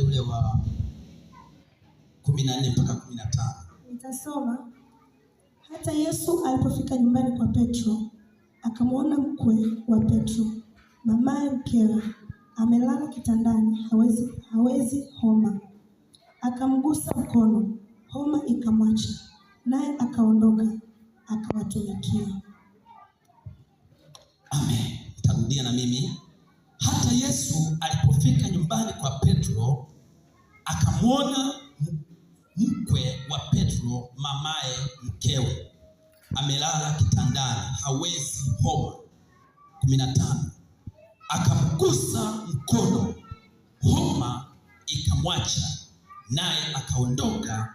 ule wa kumi na nne mpaka kumi na tano nitasoma. Hata Yesu alipofika nyumbani kwa Petro, akamwona mkwe wa Petro, mamaye mkewe, amelala kitandani, hawezi hawezi homa. Akamgusa mkono, homa ikamwacha, naye akaondoka, akawatumikia. Amen. Tarudia na mimi akamwona mkwe wa Petro, mamaye mkewe, amelala kitandani, hawezi homa. kumi na tano akamgusa mkono, homa ikamwacha, naye akaondoka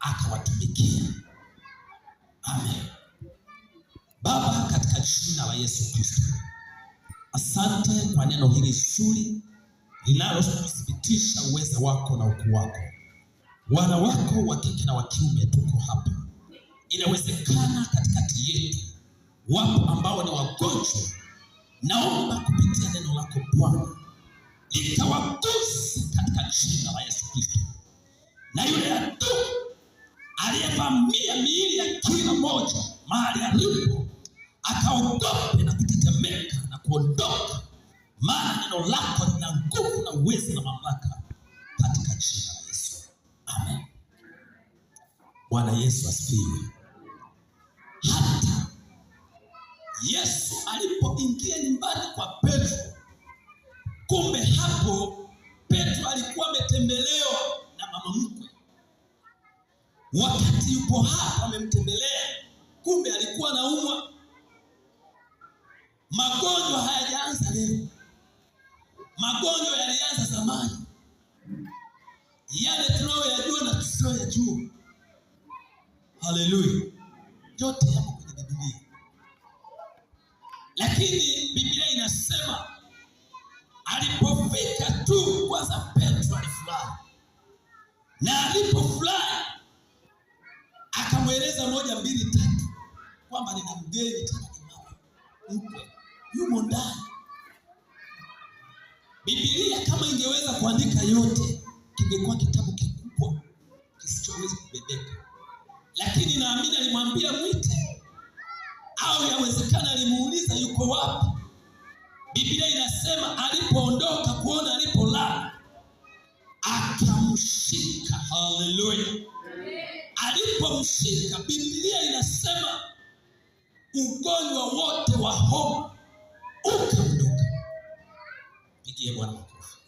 akawatumikia. Amen. Baba, katika jina la Yesu Kristo, asante kwa neno hili zuri linalothibitisha uwezo wako na ukuu wako. Wana wako wa kike na wa kiume tuko hapa. Inawezekana katikati yetu wapo ambao ni wagonjwa. Naomba kupitia neno lako Bwana likawaguse katika jina la Yesu Kristo, na yule adui aliyevamia miili ya kila mmoja mahali alipo akaogope na kutetemeka na kuondoka maana neno lako lina nguvu na uwezo na mamlaka, katika jina la Yesu amen. Bwana Yesu asifiwe. Hata Yesu alipoingia nyumbani kwa Petro, kumbe hapo Petro alikuwa ametembelewa na mama mkwe. Wakati yupo hapo amemtembelea, kumbe alikuwa anaumwa. Magonjwa hayajaanza leo. Magonjwa yalianza zamani, yale tunayoyajua na tusiyoyajua. Haleluya, yote yako kwenye Biblia, lakini Biblia inasema alipofika tu, kwanza Petro alifurahi, na alipofurahi akamweleza moja mbili tatu kwamba nina mgeni tena, ni mkwe yumo ndani Biblia kama ingeweza kuandika yote, kingekuwa kitabu kikubwa kisichoweza kubebeka, lakini naamini alimwambia mwite, au yawezekana alimuuliza yuko wapi. Biblia inasema alipoondoka kuona alipolala, akamshika. Haleluya! Alipomshika, Biblia inasema ugonjwa wote wa homa دي ديال واحد الظروف